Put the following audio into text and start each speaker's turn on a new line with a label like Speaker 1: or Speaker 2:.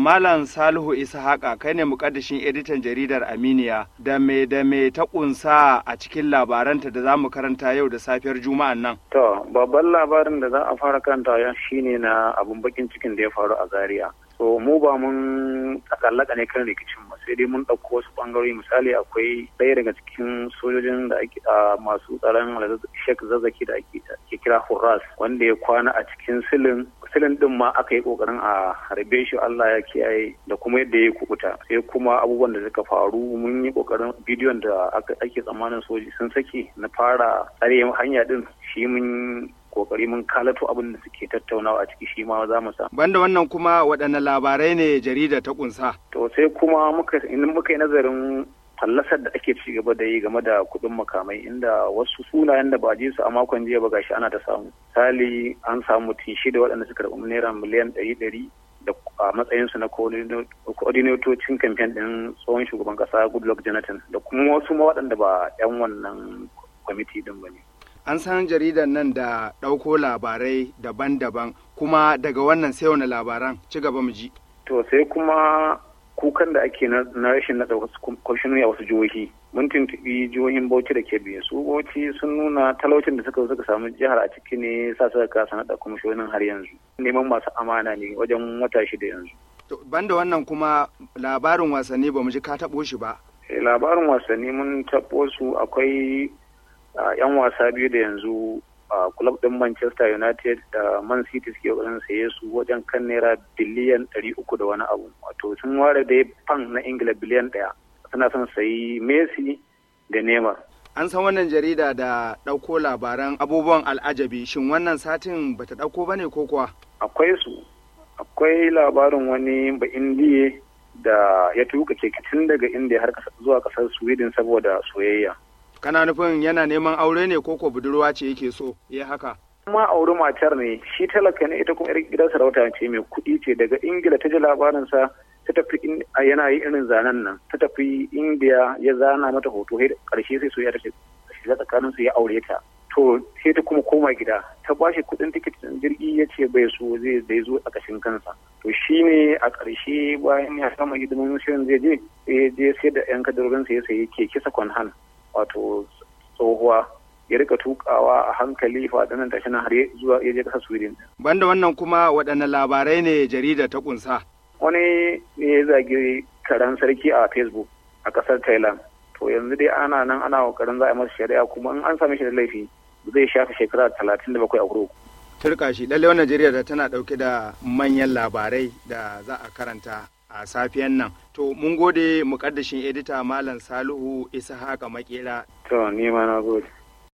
Speaker 1: Malam Salihu haka kai ne mukaddashin editan jaridar Aminiya da mai da me ta kunsa a cikin labaranta da za mu karanta yau da safiyar Juma'an nan.
Speaker 2: To, babban labarin da za a fara kanta yau shine na abun bakin cikin da ya faru a Zaria. to mu ba mun tsakallaka ne kan rikicin mu sai dai mun dauko wasu bangarori misali akwai ɗaya daga cikin sojojin da ake a masu tsaron Sheikh Zazzaki da ake kira Horas wanda ya kwana a cikin silin silin din ma aka yi kokarin a harbe shi Allah ya kiyaye da kuma yadda ya kubuta sai kuma abubuwan da suka faru mun yi kokarin bidiyon da ake tsammanin soji sun saki na fara tsare hanya din shi mun kokari mun kalato abin da suke tattaunawa a ciki shi ma za mu sa.
Speaker 1: Banda wannan kuma waɗanne labarai ne jarida ta kunsa.
Speaker 2: To sai kuma muka muka yi nazarin fallasar da ake ci gaba da yi game da kuɗin makamai inda wasu sunayen da ba ji su a makon jiya ba gashi ana ta samu misali an samu mutum shida waɗanda suka rabu naira miliyan ɗari ɗari da a matsayin su na koordinatocin kamfen ɗin tsohon shugaban ƙasa goodluck jonathan da kuma wasu ma waɗanda ba 'yan wannan kwamiti din ba ne
Speaker 1: an san jaridar nan da ɗauko labarai daban-daban kuma daga wannan sai wani labaran ci gaba mu ji
Speaker 2: to sai kuma kukan da ake na rashin naɗa kwamishinoni a wasu jihohi mun tuntubi jihohin bauchi da kebbi su bauchi sun nuna talaucin da suka suka samu jihar a ciki ne sa suka kasa naɗa kwamishonin har yanzu neman masu amana ne wajen wata shida yanzu.
Speaker 1: banda wannan kuma labarin wasanni ba mu ji ka taɓo shi ba.
Speaker 2: Eh, labarin wasanni mun taɓo su akwai yan wasa biyu da yanzu a club ɗin manchester united da man city suke ƙoƙarin saye su wajen kan naira biliyan ɗari
Speaker 1: uku da wani abu to sun ware da fan na ingila biliyan ɗaya suna son sayi messi da neymar an san wannan jarida da ɗauko labaran abubuwan al'ajabi shin wannan satin ba ta ɗauko ba ne ko kuwa akwai su akwai labarin wani ba indiye da ya tuka keke daga indiya har zuwa kasar sweden saboda soyayya kana nufin yana neman aure ne ko budurwa ce yake so ya eh, haka
Speaker 2: ma auri matar ne shi talaka ne ita kuma yar gidan sarauta ce mai kuɗi ce daga ingila ta ji labarinsa ta tafi yana yi irin zanen nan ta tafi indiya ya zana mata hoto sai karshe sai soyayya ta shiga tsakanin su ya aure ta to sai ta kuma koma gida ta bashi kudin tikitin jirgi ya ce bai so zai zai zo a kashin kansa to shine a karshe bayan ya sama hidimomin shirin zai je je sai da yan kadarorin sai ya sayi
Speaker 1: kisa kwanhan wato tsohuwa ya rika tukawa a hankali fadanan tashi har zuwa ya je kasar sweden banda wannan kuma waɗanne labarai ne jarida ta kunsa
Speaker 2: wani ne ya zagi karen sarki a facebook a kasar thailand to
Speaker 1: yanzu dai ana nan ana kokarin za a masa shari'a kuma in an same shi da laifi zai shafe shekara talatin da bakwai a kurkuku turka shi lallai najeriya da tana dauke da manyan labarai da za a karanta a safiyan nan to mun gode mukaddashin edita malam salihu isa haka makera
Speaker 2: to ni ma na gode